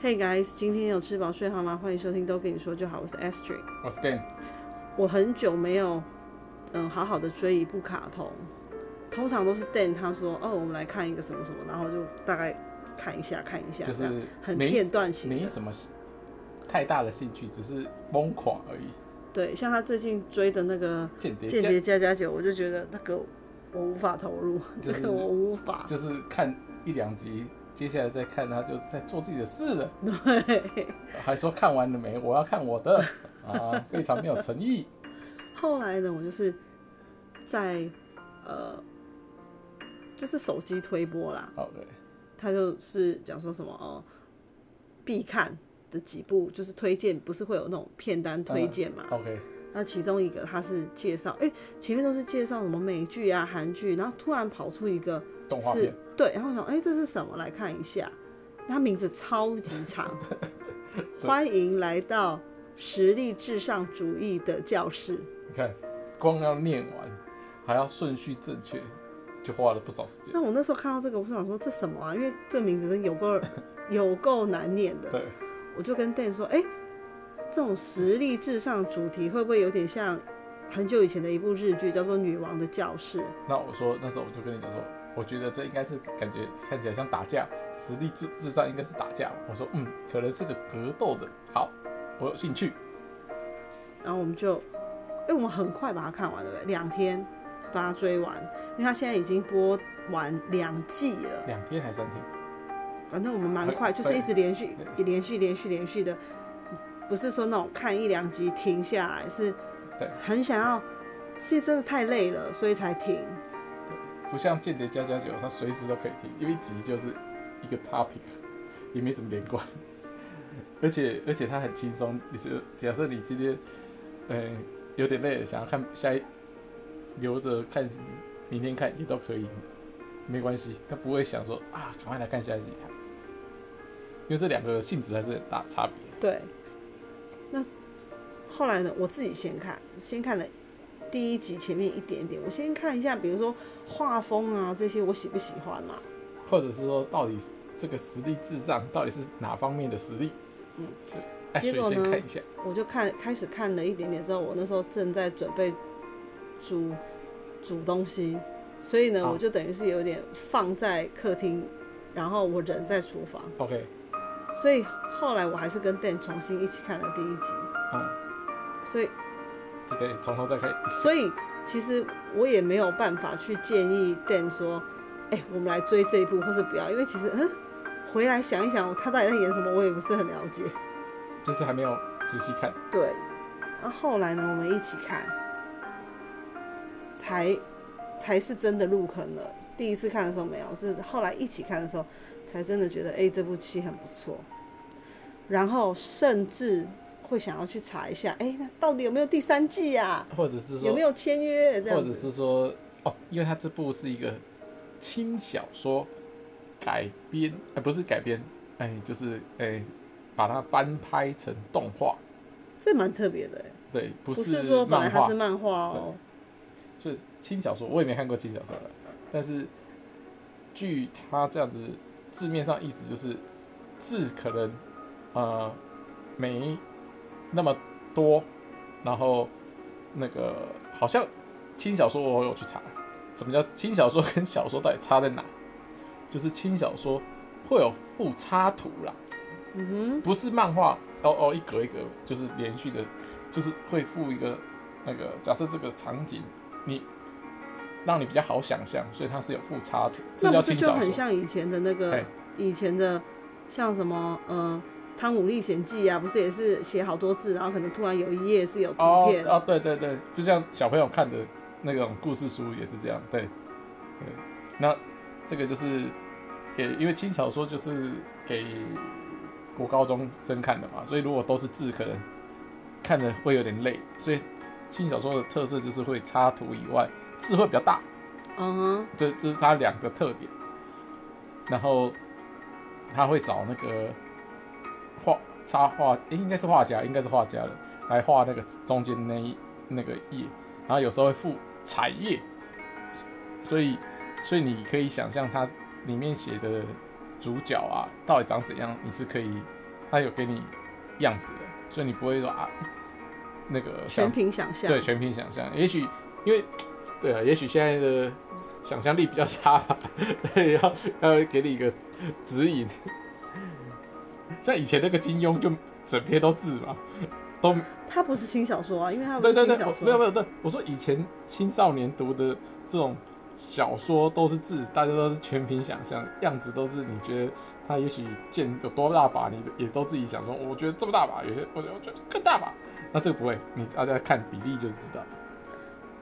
Hey guys，今天有吃飽睡好嗎？歡迎收聽都跟你說就好，我是 Esther。我是 Dan。我很久沒有嗯、呃，好好的追一部卡通，通常都是 Dan 他說哦，我們來看一個什麼什麼，然後就大概看一下看一下，就是這樣很片段型，沒有什麼太大的興趣，只是瘋狂而已。對，像他最近追的那個《間諜間諜家家酒》，我就覺得那個我無法投入，就是、這個我無法，就是看一兩集。接下來再看他就在做自己的事了，對，還說看完了沒？我要看我的 啊，非常沒有誠意。後來呢，我就是在呃，就是手機推播啦。好，對。他就是講說什麼哦，必看的幾部就是推薦，不是會有那種片單推薦嘛。Uh-huh。OK。那其中一個他是介紹，哎、欸，前面都是介紹什麼美劇啊、韓劇，然後突然跑出一個是動畫片。對，然後我想，哎，這是什麼？來看一下，它名字超級長。 對歡迎來到實力至上主義的教室。你看，光要念完，還要順序正確，就花了不少時間。那我那時候看到這個，我想說，這什麼啊？因為這名字真有夠有夠難念的。對。我就跟 Dan 說，哎，這種實力至上主題會不會有點像很久以前的一部日劇，叫做《女王的教室》？那我說，那時候我就跟你講說。我覺得這應該是感覺看起來像打架，實力至至上應該是打架吧。我說，嗯，可能是個格鬥的。好，我有興趣。然後我們就，因為我們很快把它看完了，兩天把它追完。因為他現在已經播完兩季了。兩天還是三天？反正我們蠻快，對就是一直連續、連續、連續、連續的，不是說那種看一兩集停下來，是，對，很想要，是真的太累了，所以才停。不像《間諜家家酒》，它隨時都可以聽，因為一集就是一個 topic，也沒什麼連貫，而且而且它很輕鬆。你就假設你今天，嗯，有點累了，想要看下一，留着看，明天看也都可以，沒關係。他不會想說啊，趕快來看下一集，因為這兩個性質還是很大差別。對。那後來呢？我自己先看，先看了。第一集前面一點點，我先看一下，比如說畫風啊這些，我喜不喜歡嘛，啊，或者是說，到底這個實力至上，到底是哪方面的實力？嗯，是。啊，結果呢？我就看，開始看了一點點之後，我那時候正在準備煮煮東西，所以呢，哦，我就等於是有點放在客廳，然後我人在廚房。OK，哦。所以後來我還是跟 Dan 重新一起看了第一集。啊，哦。所以。對，對，從頭再開。所以其實我也沒有辦法去建議 Dean 說，哎，我們來追這一部，或是不要，因為其實嗯，回來想一想，他到底在演什麼，我也不是很了解，就是還沒有仔細看。對，那後,後來呢，我們一起看，才才是真的入坑了。第一次看的時候沒有，是後來一起看的時候，才真的覺得，哎，這部戲很不錯，然後甚至。會想要去查一下，哎、欸，那到底有沒有第三季呀、啊？或者是說有沒有簽約？或者是說，哦，因為它這部是一個輕小說改編，欸、不是改編，哎、欸，就是哎、欸，把它翻拍成動畫，這蠻特別的、欸。對，不是說本來它是漫畫哦。所以輕小說我也沒看過輕小說的，但是據它這樣子字面上意思就是字可能呃沒。那麼多，然後那個好像輕小說，我有去查，怎麼叫輕小說跟小說到底差在哪？就是輕小說會有附插圖啦，嗯哼，不是漫畫，哦哦，一格一格就是連續的，就是會附一個那個，假設這個場景你讓你比較好想象，所以它是有附插圖，那不就很像以前的那個、嗯、以前的像什麼嗯。呃《湯姆歷險記》啊，不是也是寫好多字，然後可能突然有一頁是有圖片。哦，oh, oh, 對對對，就像小朋友看的那種故事書也是這樣，對對。那這個就是給，因為輕小說就是給國高中生看的嘛，所以如果都是字，可能看的會有點累。所以輕小說的特色就是會插圖以外，字會比較大。嗯哼，這這是它兩個特點。然後他會找那個。插畫、欸、應該是畫家，應該是畫家的來畫那個中間那一那個頁，然後有時候會附彩頁，所以所以你可以想象它裡面寫的主角啊到底長怎樣，你是可以，他有給你樣子的，所以你不會說啊那個全憑想象，對，全憑想象，也許因為對啊，也許現在的想象力比較差吧，所以要要給你一個指引。像以前那個金庸就整篇都字嘛，都他不是輕小說啊，因為他不是輕小說，對對對，沒有沒有，對，我說以前青少年讀的這種小說都是字，大家都是全憑想象，樣子都是你覺得他也許見有多大把，你也都自己想說，我覺得這麼大把，有些我我覺得更大把，那這個不會，你大家看比例就知道。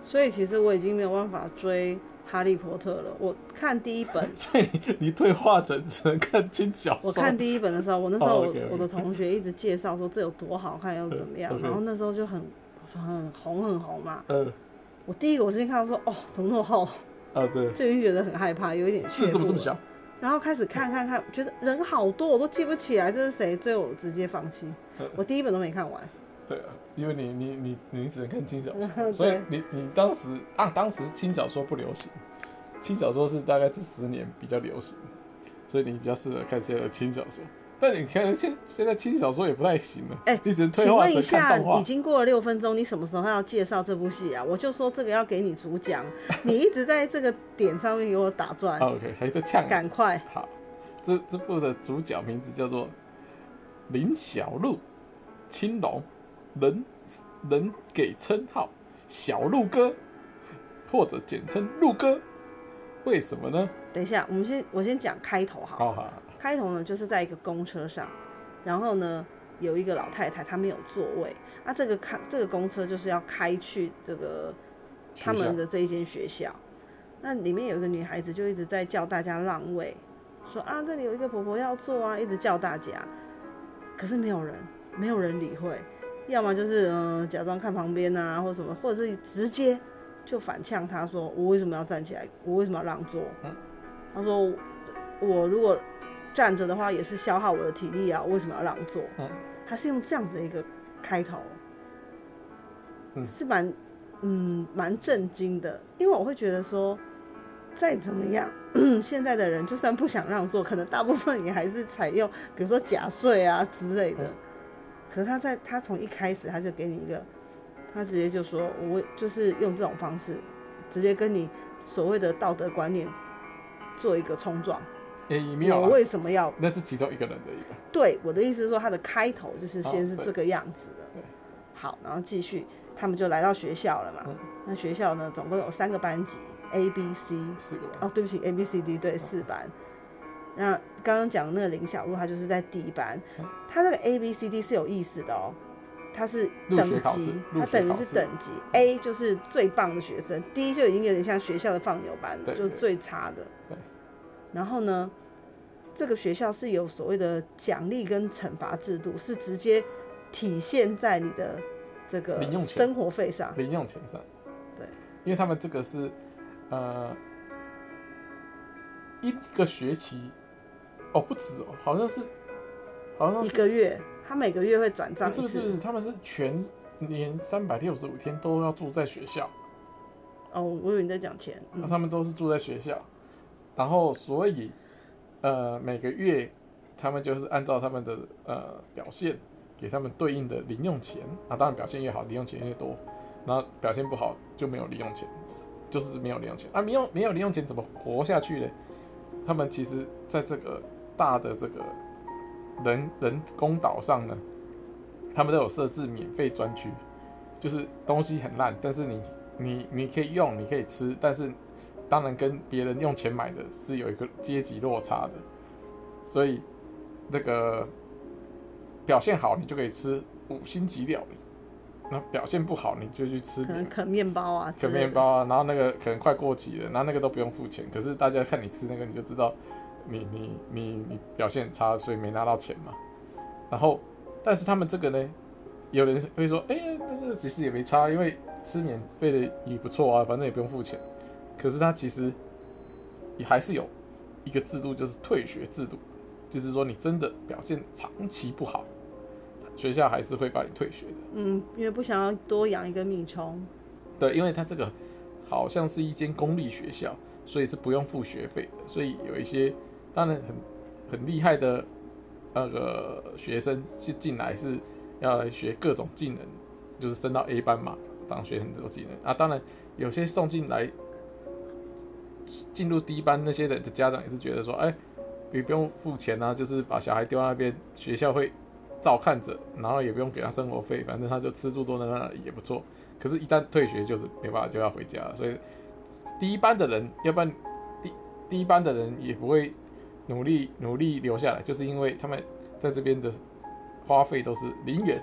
所以其實我已經沒有辦法追哈利波特了，我看第一本。 所以你退化成只能看輕小說。我看第一本的時候，我那時候我,、oh, okay, okay. 我的同學一直介紹說這有多好看又怎麼樣， 然後那時候就很很紅很紅嘛。嗯、我第一個我先看到說哦怎麼那麼厚？就已經覺得很害怕，有一點。字怎麼這麼小？然後開始看看看，覺得人好多，我都記不起來這是誰，最後直接放棄，嗯、我第一本都沒看完。對啊。因為你你你你，你只能看輕小說，Okay. 所以你你當時啊，當時輕小說不流行，輕小說是大概這十年比較流行，所以你比較適合看這些輕小說。但你看現現在輕小說也不太行了，啊，哎、欸，一直退化成看動畫。請問一下，已經過了六分鐘，你什麼時候要介紹這部戲啊？我就說這個要給你主講， 你一直在這個點上面給我打轉。OK，還在嗆，啊。趕快。好，這這部的主角名字叫做綾小路清隆。能能給稱號小鹿哥，或者簡稱鹿哥，為什麼呢？等一下，我們先我先講開頭好。Oh, 哈。開頭呢就是在一個公車上，然後呢有一個老太太她沒有座位啊，這個開這個公車就是要開去這個學校，他們的這一間學校，那裡面有一個女孩子就一直在叫大家讓位，說啊這裡有一個婆婆要坐啊，一直叫大家，可是沒有人沒有人理會。要麼就是嗯、呃，假裝看旁邊啊，或什麼，或者是直接就反嗆他說：“我為什麼要站起來？我為什麼要讓座？”嗯、他說我：“我如果站着的話，也是消耗我的體力啊，我為什麼要讓座？”嗯、他是用這樣子的一個開頭，嗯、是蠻嗯蠻震驚的，因為我會覺得說，再怎麼樣，嗯、現在的人就算不想讓座，可能大部分也還是採用，比如說假睡啊之類的。嗯可是他在他從一開始他就給你一個，他直接就說，我就是用這種方式，直接跟你所謂的道德觀念做一個衝撞。誒，你沒有。我為什麼要？那是其中一個人的一個。對，我的意思是說，他的開頭就是先是這個樣子的。Oh, 對。好，然後繼續，他們就來到學校了嘛。嗯。那學校呢，總共有三個班級，A、B、C。四個班。哦，對不起，A、B、C、D，對，四班。嗯那剛剛講那個綾小路，她就是在第一班，她這、嗯、個 A B C D 是有意思的哦、喔，它是等級，他等於是等級、嗯、A 就是最棒的學生、嗯、，D 就已經有點像學校的放牛班了，對對對，就最差的。對。然後呢，這個學校是有所謂的獎勵跟懲罰制度，是直接體現在你的這個生活費上零。零用錢上，對，因為他們這個是呃一個學期。哦，不止哦，好像是，好像是一個月，他每個月會轉賬，是不是？不是，他們是全年三百六十五天都要住在學校。哦，我以為你在講錢。那、嗯、他們都是住在學校，然後所以，呃，每個月他們就是按照他們的呃表現，給他們對應的零用錢。啊，當然，表現越好，零用錢越多；那表現不好，就沒有零用錢，就是沒有零用錢。啊，沒有沒有零用錢怎麼活下去嘞？他們其實在這個。大的這個人人工島上呢，他們都有設置免費專區，就是東西很爛，但是你你你可以用，你可以吃，但是當然跟別人用錢買的是有一個階級落差的，所以這個表現好，你就可以吃五星級料理，那表現不好，你就去吃可能啃麵包啊，啃麵包啊，然後那個可能快過期了，那那個都不用付錢，可是大家看你吃那個，你就知道。你你你你表現差，所以沒拿到錢嘛。然後，但是他們這個呢，有人會說，哎、欸，那其實也沒差，因為吃免費的，也不錯啊，反正也不用付錢。可是他其實也還是有一個制度，就是退學制度，就是說你真的表現長期不好，學校還是會把你退學的。嗯，因為不想要多養一個米蟲。對，因為他這個好像是一間公立學校，所以是不用付學費的，所以有一些。當然很很厲害的那個學生是進來是要來學各種技能，就是升到 A 班嘛，當學很多技能啊。當然有些送進來進入 D 班那些的的家長也是覺得說，哎、欸，你不用付錢啊，就是把小孩丟那邊，學校會照看着，然後也不用給他生活費，反正他就吃住都在那也不錯。可是，一旦退學就是沒辦法就要回家，所以 D 班的人，要不然 D 班的人也不會。努力努力留下來，就是因為他們在這邊的花費都是零元，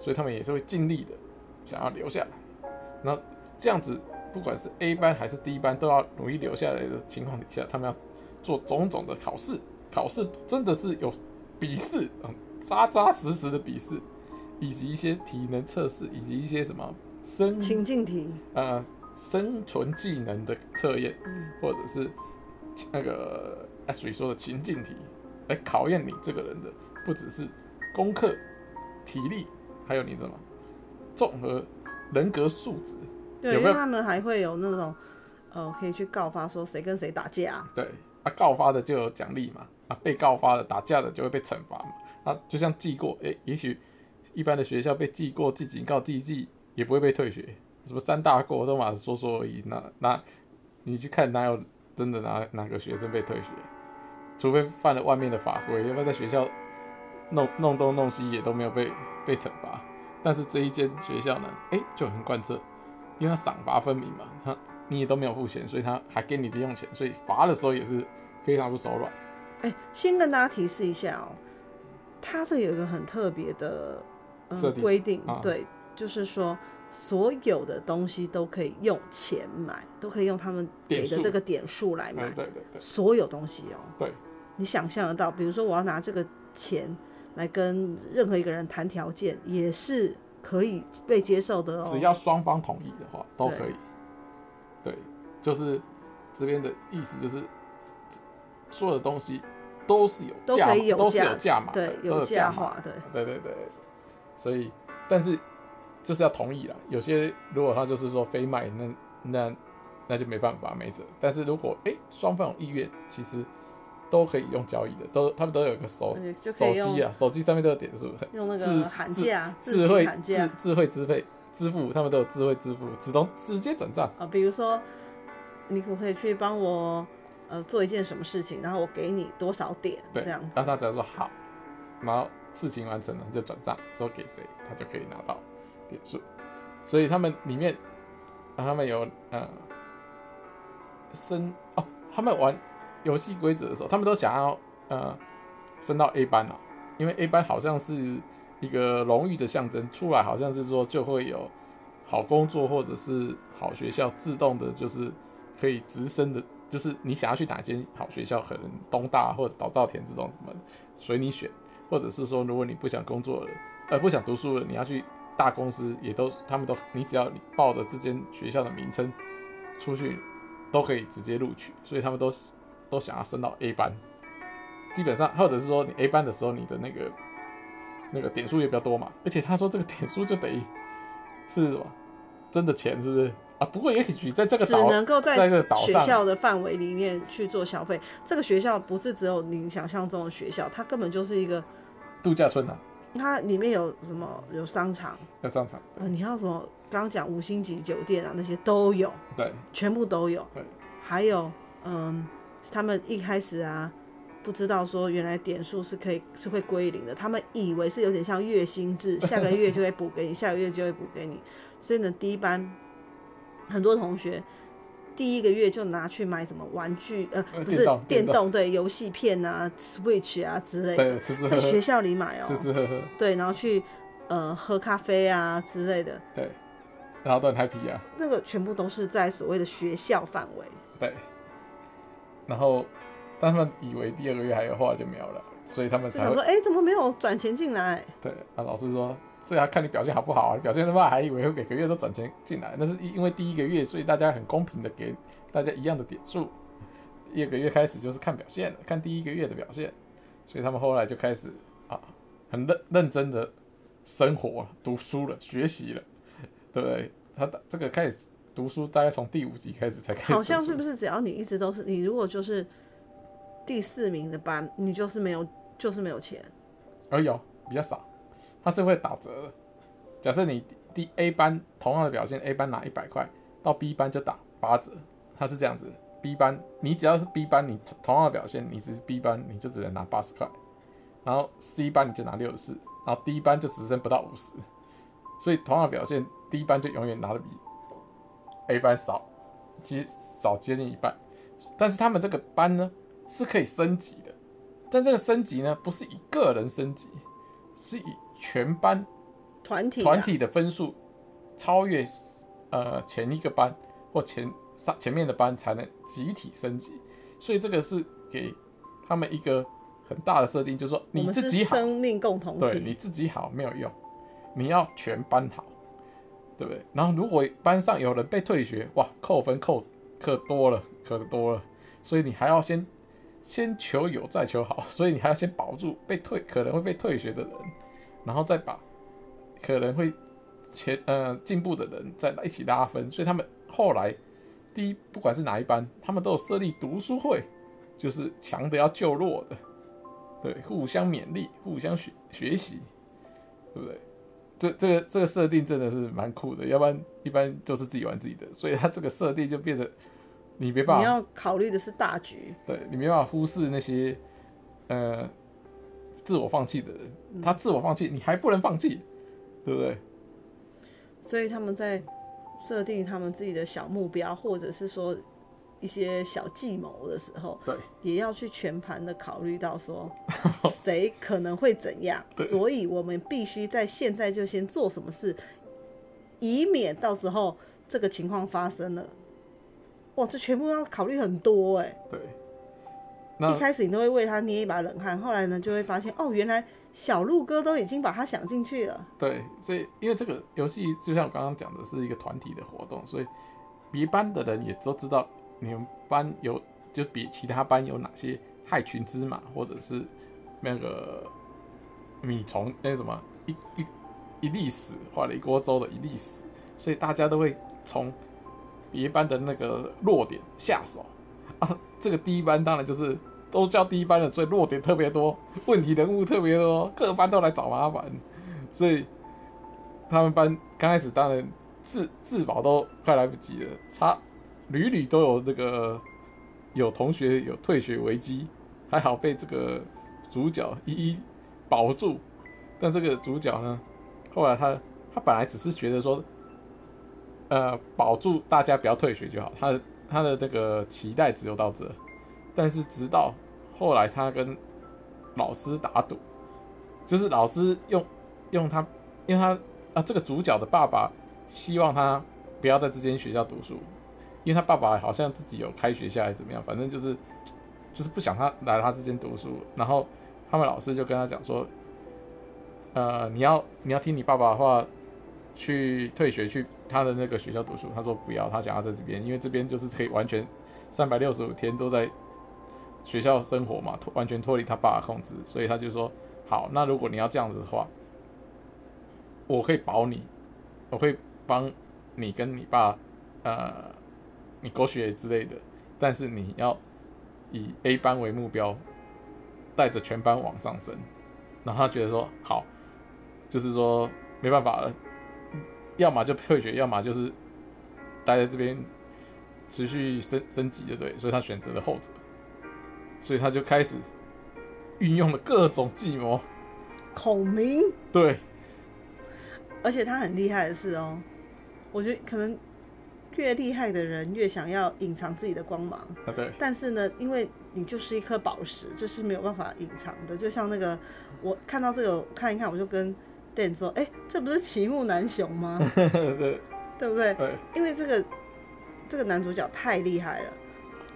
所以他們也是會盡力的想要留下來。那這樣子，不管是 A 班還是 D 班，都要努力留下來的情況底下，他們要做種種的考試，考試真的是有筆試、嗯，紮紮實實的筆試，以及一些體能測試，以及一些什麼生情境題、呃，生存技能的測驗，嗯、或者是那個。啊所以說的情境題，來、欸、考驗你這個人的不只是功課、體力，還有你怎麼綜合人格素質。對，有沒有因為他們還會有那種呃，可以去告發說誰跟誰打架，啊。對，啊，告發的就有獎勵嘛，啊，被告發的打架的就會被懲罰嘛。啊，就像記過，誒、欸，也許一般的學校被記過、記警告、記記也不會被退學，什麼三大過都嘛說說而已。那那你去看哪有真的哪哪個學生被退學？除非犯了外面的法規，要不然在學校弄弄東弄西也都沒有被被懲罰。但是這一間學校呢，欸，就很貫徹，因為他賞罰分明嘛。他你也都沒有付錢，所以他還給你零用錢，所以罰的時候也是非常不手軟。欸，先跟大家提示一下喔，他這有一個很特別的呃規定啊，對，就是說。所有的東西都可以用錢買，都可以用他們給的這個點數來買。對對對。所有東西哦。對。你想象得到，比如說我要拿這個錢來跟任何一個人談條件，也是可以被接受的哦。只要雙方同意的話，都可以。對，對，就是這邊的意思，就是所有的東西都是有價，都可以有價，都是有價碼的，對，都有價碼，對對對對，對對對。所以，但是。就是要同意了。有些如果他就是說非賣，那那那就沒辦法把他沒轍。但是如果哎雙、欸、方有意願，其實都可以用交易的，都他們都有一個手手機啊，手機上面都有點數，用那個產智啊，智慧智智慧支付支付，他們都有智慧支付，只能直接轉賬啊。比如說你可不可以去幫我呃做一件什麼事情，然後我給你多少點？對，這樣子。然後他只要說好，然後事情完成了就轉賬，說給誰他就可以拿到。所以，所以他們裡面，他們有嗯、呃，升哦，他們玩遊戲規則的時候，他們都想要嗯、呃、升到 A 班啊，因為 A 班好像是一個榮譽的象徵，出來好像是說就會有好工作或者是好學校，自動的就是可以直升的，就是你想要去哪間好學校，可能東大或者早稻田這種什麼，隨你選，或者是說如果你不想工作了，呃不想讀書了，你要去。大公司也都，他們都，你只要你抱着這間學校的名稱出去，都可以直接錄取，所以他們都是都想要升到 A 班。基本上，或者是說你 A 班的時候，你的那個那個點數也比較多嘛。而且他說這個點數就等於是什麼，真的錢是不是啊？不過也許在這個只能夠在，在這個島上啊，學校的範圍裡面去做消費。這個學校不是只有你想象中的學校，它根本就是一個度假村啊。它裡面有什麼？有商場，有商場、嗯。你看什麼？剛剛講五星級酒店啊，那些都有。對，全部都有。對還有，嗯，他們一開始啊，不知道說原來點數是可以是會歸零的，他們以為是有點像月薪制， 下個月就會補給你，下個月就會補給你。所以呢，第一班很多同學。第一個月就拿去買什麼玩具，呃，不是電動，對遊戲片啊，Switch 啊之類的，在學校裡買哦，吃吃喝喝，對，然後去呃喝咖啡啊之類的，對，然後都很 happy 啊。那個全部都是在所謂的學校範圍，對。然後，當他們以為第二個月還有話就沒有了，所以他們才就想說，哎、欸，怎麼沒有轉錢進來？對，那老師說。這要看你表現好不好啊！表現的話，還以為會每個月都轉錢進來，那是因為第一個月，所以大家很公平的給大家一樣的點數。第二個月開始就是看表現，看第一個月的表現，所以他們後來就開始啊，很認認真的生活、讀書了、學習了。對不對？他這個開始讀書，大概從第五集開始才開始。好像是不是？只要你一直都是你，如果就是第四名的班，你就是沒有，就是沒有錢。哎、哦、有，比較少。他是會打折的。假設你第 A 班同樣的表現，A 班拿一百塊，到 B 班就打八折。他是這樣子，B 班你只要是 B 班，你同樣的表現，你只是 B 班你就只能拿八十塊，然後 C 班你就拿六十四，然後 D 班就只剩不到五十。所以同樣的表現，D 班就永遠拿得比 A 班少，接少接近一半。但是他們這個班呢是可以升級的，但這個升級呢不是一個人升級。是以全班團體團體的分數超越呃，前一個班或前上前面的班才能集體升級，所以這個是給他們一個很大的設定，就是說你自己好，生命共同體，對，你自己好沒有用，你要全班好，對不對？然後如果班上有人被退學，哇，扣分扣可多了可多了，所以你還要先。先求有再求好，所以你還要先保住被退可能會被退學的人，然後再把可能會前呃進步的人再來一起拉分，所以他們後來第一不管是哪一班，他們都有設立讀書會，就是強的要救弱的，對，互相勉勵，互相學學習，對不對？這這個這個設定真的是蠻酷的，要不然一般就是自己玩自己的，所以他這個設定就變得。你別，你要考慮的是大局，對，你沒辦法忽視那些，呃，自我放棄的人，嗯、他自我放棄，你還不能放棄，對不對？所以他們在設定他們自己的小目標，或者是說一些小計謀的時候，對也要去全盤的考慮到說誰可能會怎樣， 對所以我們必須在現在就先做什麼事，以免到時候這個情況發生了。哇，這全部要考慮很多哎。對，那一開始你都會為他捏一把冷汗，後來呢，就會發現哦，原來小鹿哥都已經把他想進去了。對，所以因為這個遊戲就像我剛剛講的，是一個團體的活動，所以別班的人也都知道你們班有，就比其他班有哪些害群之馬，或者是那個米蟲，那、欸、什麼一一一粒屎壞了一鍋粥的一粒屎，所以大家都會從。一班的那個弱點下手啊，這個第一班當然就是都叫第一班的，所以弱點特別多，問題人物特別多，各班都來找麻煩，所以他們班剛開始當然自自保都快來不及了，差屢屢都有這、那個有同學有退學危機，還好被這個主角一一保住，但這個主角呢，後來他他本來只是覺得說。呃，保住大家不要退學就好，他的他的這個期待只有到這。但是直到後來，他跟老師打賭，就是老師用用他，因為他啊，這個主角的爸爸希望他不要在這間學校讀書，因為他爸爸好像自己有開學校還是怎麼樣，反正就是就是不想他來他這間讀書。然後他們老師就跟他講說，呃，你要你要聽你爸爸的話。去退學去他的那個學校讀書，他說不要，他想要在這邊，因為這邊就是可以完全三百六十五天都在學校生活嘛，完全脫離他爸的控制，所以他就說好，那如果你要這樣子的話，我可以保你，我可以幫你跟你爸呃你狗血之類的，但是你要以 A 班為目標，帶着全班往上升，然後他覺得說好，就是說沒辦法了。要麼就退學，要麼就是待在這邊持續升升級，就對。所以他選擇了後者，所以他就開始運用了各種計謀。孔明。對。而且他很厲害的是哦，我覺得可能越厲害的人越想要隱藏自己的光芒啊。對。但是呢，因為你就是一顆寶石，這，就是沒有辦法隱藏的。就像那個，我看到這個看一看，我就跟。對你說，哎、欸，這不是齊木楠雄嗎？ 對，對不對？對，因為，這個這個男主角太厲害了，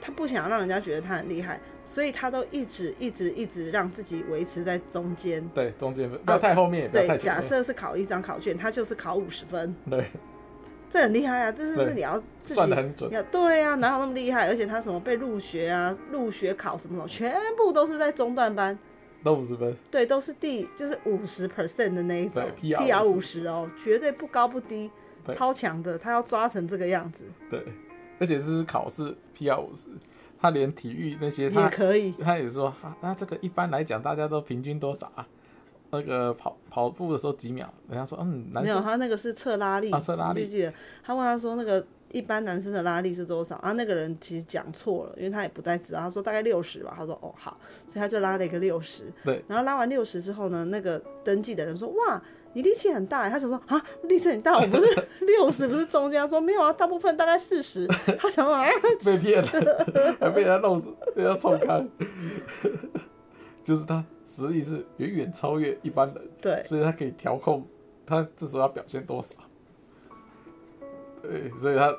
他不想讓人家覺得他很厲害，所以他都一直一直一直讓自己維持在中間。對，中間、啊、不要太後面。不要太前面對，假設是考一張考卷，他就是考五十分。對，這很厲害啊！這是不是你要自己？算得很準。對啊，哪有那麼厲害？而且他什麼被入學啊，入學考什麼什麼，全部都是在中段班。都五十分，對，都是第就是五十 percent 的那一種，P R 五十哦，絕對不高不低，對超強的，他要抓成這個樣子，對，而且是考試 P R 五十，50，他連體育那些他也可以，他也說啊，那這個一般來講大家都平均多少啊？那個跑跑步的時候幾秒？人家說嗯，沒有，他那個是測拉力，啊、側拉力記不記得？他問他說那個。一般男生的拉力是多少啊？那個人其實講錯了，因為他也不太知道。他說大概六十吧。他說哦、喔、好，所以他就拉了一個六十。對。然後拉完六十之後呢，那個登記的人說哇，你力氣很大。他就說啊，力氣很大，我不是六十 不是中間，他說沒有啊，大部分大概四十。他想說，啊 被騙了， 還被他弄死，被他衝康。 就是他實力是遠遠超越一般人。對。所以他可以調控他至少要表現多少。對，所以他，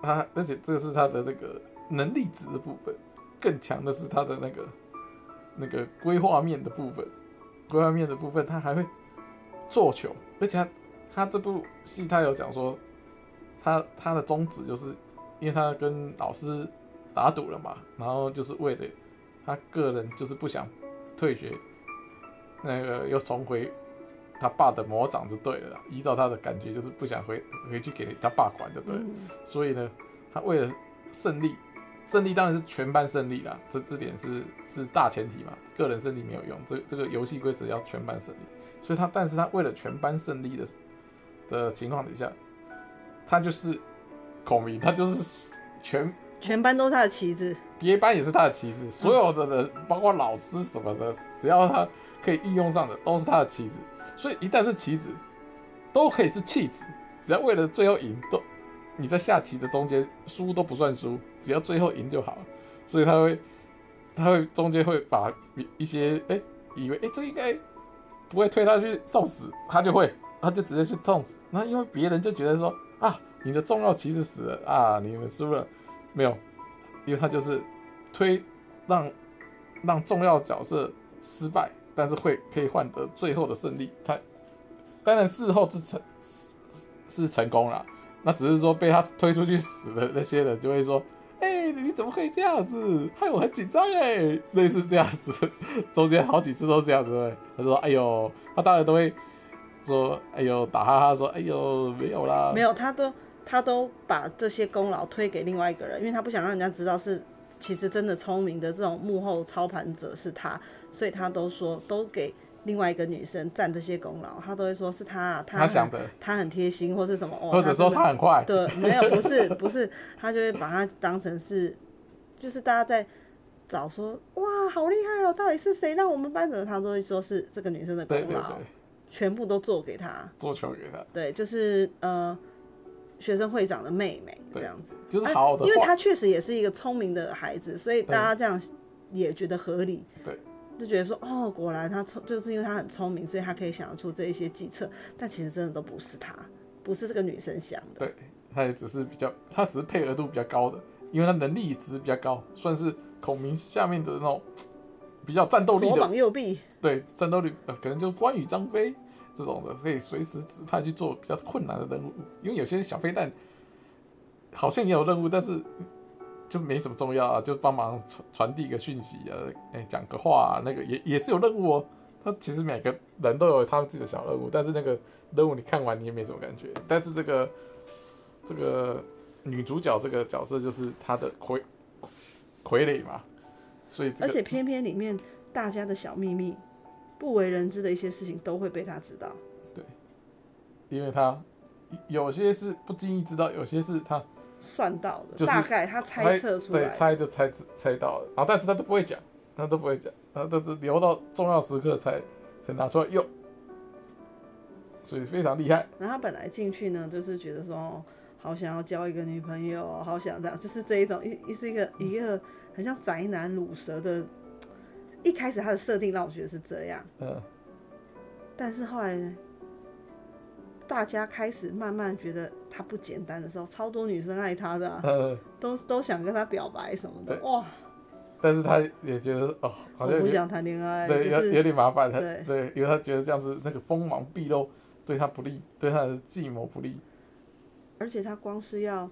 他，而且這是他的那個能力值的部分，更強的是他的那個那個規劃面的部分，規劃面的部分，他還會做球，而且他他這部戲他有講說，他他的宗旨就是，因為他跟老師打賭了嘛，然後就是為了他個人就是不想退學，那個又重回。他爸的魔掌就對了啦。依照他的感覺，就是不想回回去給他爸管，就對。嗯、所以呢，他為了勝利，勝利當然是全班勝利啦。這這點是是大前提嘛，個人勝利沒有用。這這個遊戲規則要全班勝利。所以他，但是他為了全班勝利的的情況底下，他就是孔明，他就是全全班都是他的棋子，別班也是他的棋子，所有的人，嗯、包括老師什麼的，只要他可以運用上的，都是他的棋子。所以一旦是棋子，都可以是棄子，只要為了最後贏，都你在下棋的中間輸都不算輸，只要最後贏就好。所以他會，他會中間會把一些哎、欸，以為哎、欸，這應該不會推他去送死，他就會，他就直接去送死。那因為別人就覺得說啊，你的重要棋子死了啊，你們輸了。沒有，因為他就是推讓讓重要角色失敗。但是會可以換得最後的勝利，他當然事後是成是是成功了，那只是說被他推出去死的那些人就會說，哎、欸，你怎麼可以這樣子，害我很緊張哎，類似這樣子，中間好幾次都這樣子，他說，哎呦，他當然都會說，哎呦，打哈哈說，哎呦，沒有啦，沒有，他都他都把這些功勞推給另外一個人，因為他不想讓人家知道是。其實真的聰明的這種幕後操盤者是他，所以他都說都給另外一個女生佔這些功勞，他都會說是他，他很，他想的，他很貼心或是什麼哦，或者說他很快，對，沒有，不是不是，他就會把他當成是， 就是大家在找說哇好厲害哦，到底是誰讓我們班長？他都會說是這個女生的功勞，對對對，全部都做給他，做全給他，對，就是呃。學生會長的妹妹這樣子，對，就是好，好的、啊。因為他確實也是一個聰明的孩子，所以大家這樣也覺得合理。對，就覺得說哦，果然他聰，就是因為他很聰明，所以他可以想得出這一些計策。但其實真的都不是他，不是這個女生想的。對，他也只是比較，他只是配合度比較高的，因為他能力值比較高，算是孔明下面的那種比較戰鬥力的左膀右臂。對，戰鬥力、呃、可能就關羽、張飛。這種的可以隨時指派去做比較困難的任務，因為有些小飛彈好像也有任務，但是就沒什麼重要啊，就幫忙傳傳遞一個訊息啊，欸，講個話啊，那個也也是有任務哦。他其實每個人都有他自己的小任務，但是那個任務你看完你也沒什麼感覺。但是這個這個女主角這個角色就是他的傀傀儡嘛，所以這個，而且偏偏裡面大家的小秘密。不為人知的一些事情都會被他知道，對，因為他有些是不經意知道，有些是他算到的，就是、大概他猜測出來，對，猜就猜猜到了，然、啊、但是他都不會講，他都不會講，他都是留到重要時刻才才拿出來用，所以非常厲害。那他本來進去呢，就是覺得說，好想要交一個女朋友，好想這樣，就是這一種一,一是一個一個很像宅男魯蛇的。一開始他的設定讓我覺得是這樣，嗯、但是後來，大家開始慢慢覺得他不簡單的時候，超多女生愛他的、啊，嗯、都都想跟他表白什麼的，對哇！但是他也覺得哦，好像也不想談戀愛，對就是、有有點麻煩，他對，對，對因為他覺得這樣子那個鋒芒畢露對他不利，對他的計謀不利，而且他光是要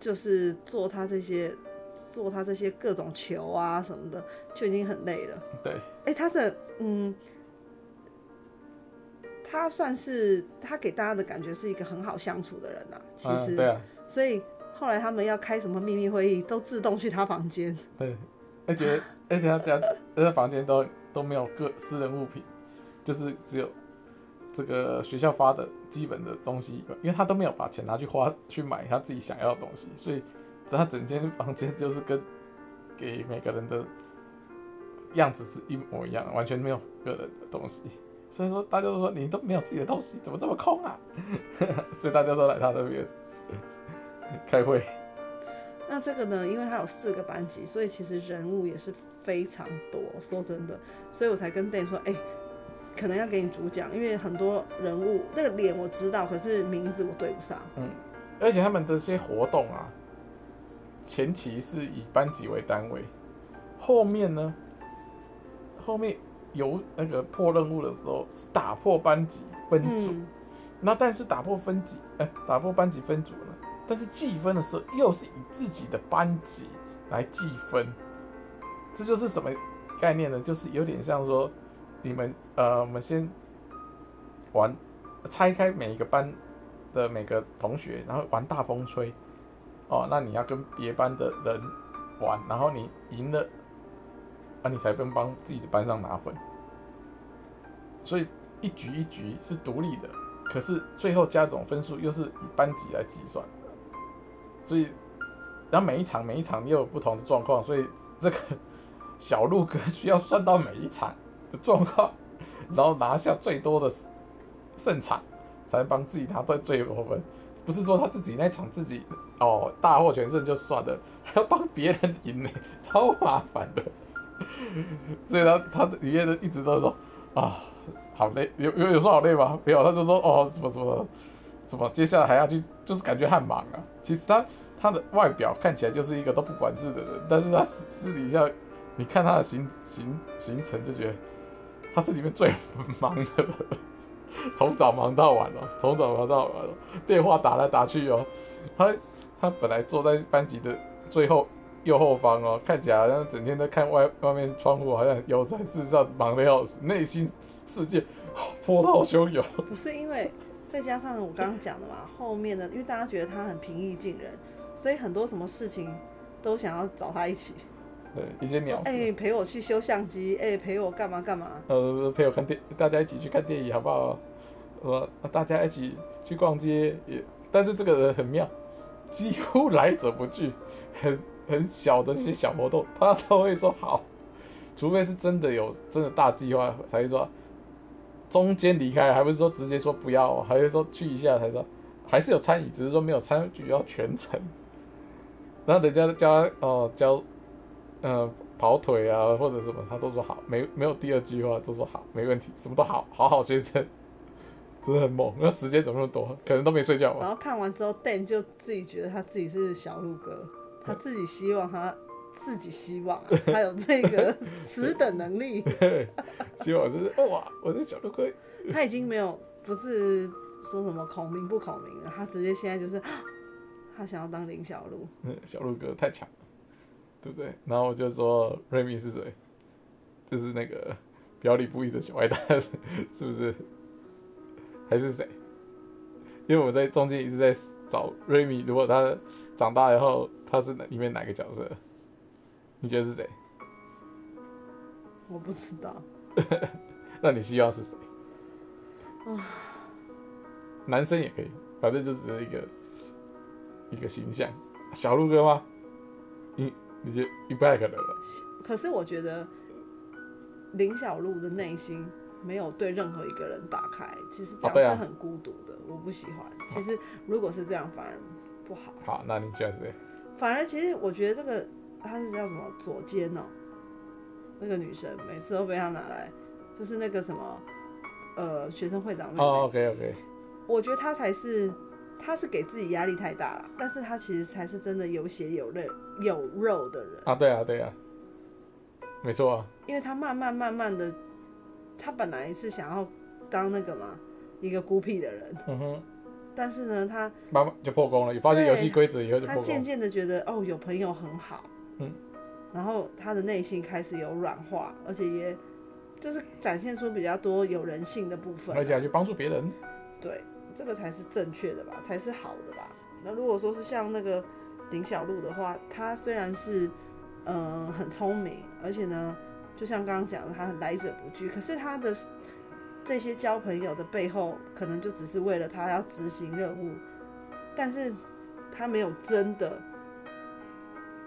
就是做他這些。做他這些各種球啊什麼的，就已經很累了。對。哎、欸，他的嗯，他算是他給大家的感覺是一個很好相處的人、啊、啊啊其實對啊。所以後來他們要開什麼秘密會議，都自動去他房間。對。而且 而且他家那他房間都都沒有個私人物品，就是只有這個學校發的基本的東西，因為他都沒有把錢拿去花去買他自己想要的東西，所以。他整間房間就是跟給每個人的樣子是一模一樣，完全沒有個人的東西。所以說大家都說，你都沒有自己的東西，怎麼這麼空啊？ 所以大家都來他那邊 開會。那這個呢，因為他有四個班級，所以其實人物也是非常多。說真的，所以我才跟戴說，哎、欸，可能要給你主講，因為很多人物那個臉我知道，可是名字我對不上。嗯，而且他們的這些活動啊。前期是以班級為單位，後面呢？後面有那個破任務的時候是打破班級分組，嗯、那但是打破分級，呃，打破班級分組呢？但是計分的時候又是以自己的班級來計分，這就是什麼概念呢？就是有點像說，你們呃，我們先玩拆開每一個班的每個同學，然後玩大風吹。哦，那你要跟別班的人玩，然後你贏了，啊，你才能幫自己的班上拿分。所以一局一局是獨立的，可是最後加總分數又是以班級來計算，所以然後每一場每一場你有不同的狀況，所以這個小路哥需要算到每一場的狀況，然後拿下最多的勝場，才能幫自己拿到最多分。不是說他自己那一場自己哦大獲全勝就算了，還要幫別人贏呢，超麻煩的。所以他他裡面的一直都說啊、哦、好累，有有有說好累嗎？沒有，他就說哦什麼什麼什麼，接下來還要去就是感覺很忙啊。其實他他的外表看起來就是一個都不管事的人，但是他私私底下你看他的行行行程就覺得他是裡面最忙的了。從 早忙到晚了，喔，從早忙到晚了，喔，電話打來打去哦，喔。他他本來坐在班級的最後右後方哦，喔，看起來好像整天在看外外面窗戶，好像悠哉，事實上忙得要死，內心世界波濤洶湧。不是因為，再加上我剛剛講的嘛， 後面的因為大家覺得他很平易近人，所以很多什麼事情都想要找他一起，對一些鳥事、欸、陪我去修相機、欸，陪我幹嘛幹嘛？呃，陪我看電，大家一起去看電影好不好，好、啊？大家一起去逛街也？但是這個人很妙，幾乎來者不拒，很很小的一些小活動，嗯、他都會說好，除非是真的有真的大計劃，才會說中間離開，還不是說直接說不要，還是說去一下才，才說還是有參與，只是說沒有參與要全程。然後人家叫他哦叫。呃叫呃，跑腿啊，或者什麼，他都說好，沒沒有第二句話，都說好，沒問題，什麼都好，好好先生，真的很猛。那時間怎麼那麼多？可能都沒睡覺吧。然後看完之後，Dan 就自己覺得他自己是小路哥，他自己希望他自己希望、啊、 他有這個此等能力。 希望就是、哦、哇，我是小路哥。 他已經沒有不是說什麼孔明不孔明了，他直接現在就是他想要當綾小路。 小路哥太強了。對不對？然後我就說，瑞米是誰？就是那個表裡不一的小壞蛋，是不是？還是誰？因為我在中間一直在找瑞米。如果他長大以後，他是哪裡面哪個角色？你覺得是誰？我不知道。 那你希望是誰？啊，男生也可以，反正就只是一個一個形象，小路哥嗎？你？可，可是我覺得綾小路的內心沒有對任何一個人打開，其實這樣是很孤獨的。哦啊、我不喜歡。其實如果是這樣，反而不好。好，那你叫誰？反而其實我覺得這個她是叫什麼左肩哦、喔，那個女生每次都被她拿來，就是那個什麼呃學生會長那邊、哦。OK OK。我覺得他才是。他是給自己壓力太大了，但是他其實才是真的有血有淚有肉的人啊！對啊，對啊，沒錯啊！因為他慢慢慢慢的，他本來是想要當那個嘛，一個孤僻的人。嗯、哼但是呢，他慢慢就破功了，對也發現遊戲規則以後就破功了，他漸漸的覺得哦，有朋友很好。嗯。然後他的內心開始有軟化，而且也就是展現出比較多有人性的部分，而且還去幫助別人。對。這個才是正確的吧，才是好的吧。那如果說是像那個林小璐的話，她雖然是嗯、呃、很聰明，而且呢，就像剛剛講的，她很來者不拒。可是她的這些交朋友的背後，可能就只是為了他要執行任務。但是，他沒有真的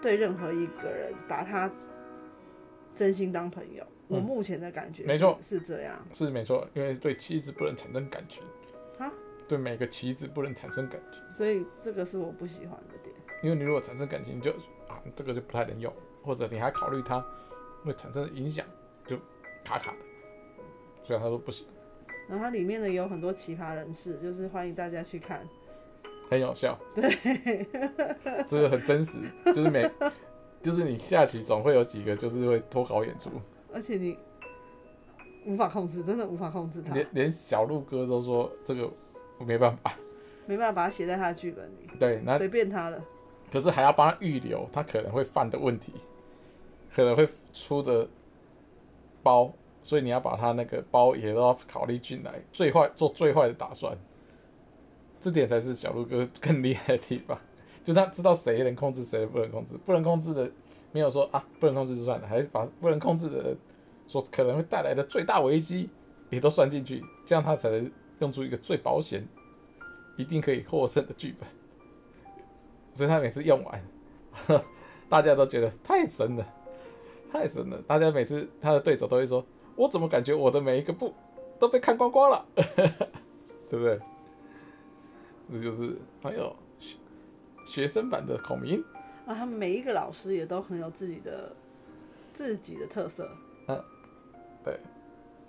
對任何一個人把他真心當朋友。嗯、我目前的感覺，沒錯，是這樣，是沒錯，因為對棋子不能產生感情。對，每個棋子不能產生感覺，所以這個是我不喜歡的點。因為你如果產生感情，就啊，這個就不太能用，或者你還考慮它會產生影響，就卡卡的，雖然他說不行。然後它裡面呢，有很多奇葩人士，就是歡迎大家去看，很有效，對，這個很真實，就是每，就是你下棋總會有幾個就是會脫稿演出，而且你無法控制，真的無法控制它。連連小鹿哥都說這個。我沒辦法，沒辦法把寫在他的劇本裡。對，那隨便他了。可是還要幫他預留他可能會犯的問題，可能會出的包，所以你要把他那個包也都要考慮進來。最壞做最壞的打算，這點才是小路哥更厲害的地方。就他知道誰能控制，誰不能控制，不能控制的沒有說啊，不能控制就算了，還把不能控制的所可能會帶來的最大危機也都算進去，這樣他才能。用出一個最保險、一定可以獲勝的劇本，所以他每次用完，大家都覺得太神了，太神了！大家每次他的對手都會說：“我怎麼感覺我的每一個步都被看光光了？”呵呵，對不對？這就是還有學、學生版的孔明啊，他們每一個老師也都很有自己的自己的特色。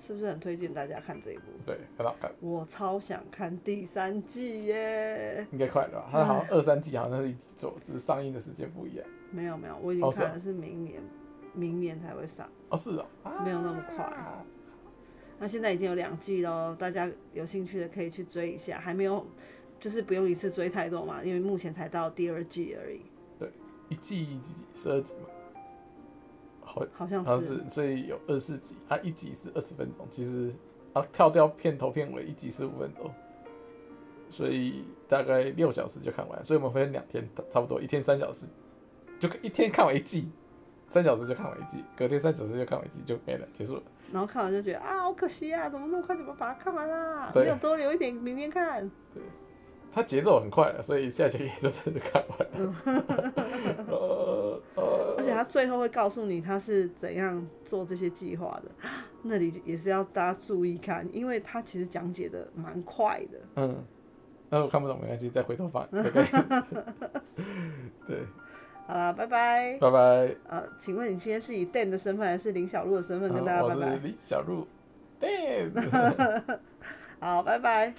是不是很推薦大家看這一部？對，很好看。我超想看第三季耶！應該快了吧？它好，好像二三季好像是一起做， 只是上映的時間不一樣。沒有沒有，我已經看了，是明年，哦哦、明年才會上。哦，是哦，沒有那麼快。啊、那現在已經有兩季嘍，大家有興趣的可以去追一下。還沒有，就是不用一次追太多嘛，因為目前才到第二季而已。對，一季一季，一季十二集嘛。好像是，好像是所以有二十四集，它、啊、一集是二十分鐘，其實啊跳掉片頭片尾，一集是十五分鐘，所以大概六小時就看完，所以我們分兩天，差不多一天三小時，就一天看完一季，三小時就看完一季，隔天三小時就看完一季就,就沒了，結束了。然後看完就覺得啊，好可惜啊，怎麼那麼快，怎麼把它看完啦、啊？對你有多留一點，明天看。對，它節奏很快了，所以現在就也就真的看完了。 呃呃而且他最後會告訴你他是怎樣做這些計劃的，那裡也是要大家注意看，因為他其實講解的蠻快的。嗯，那、呃、我看不懂沒關係，再回頭放，可以 對，好啦，拜拜，拜拜。啊，請問你今天是以 Dan 的身份還是，是林小璐的身份跟大家拜拜？嗯、林小璐，Dan。 好，拜拜。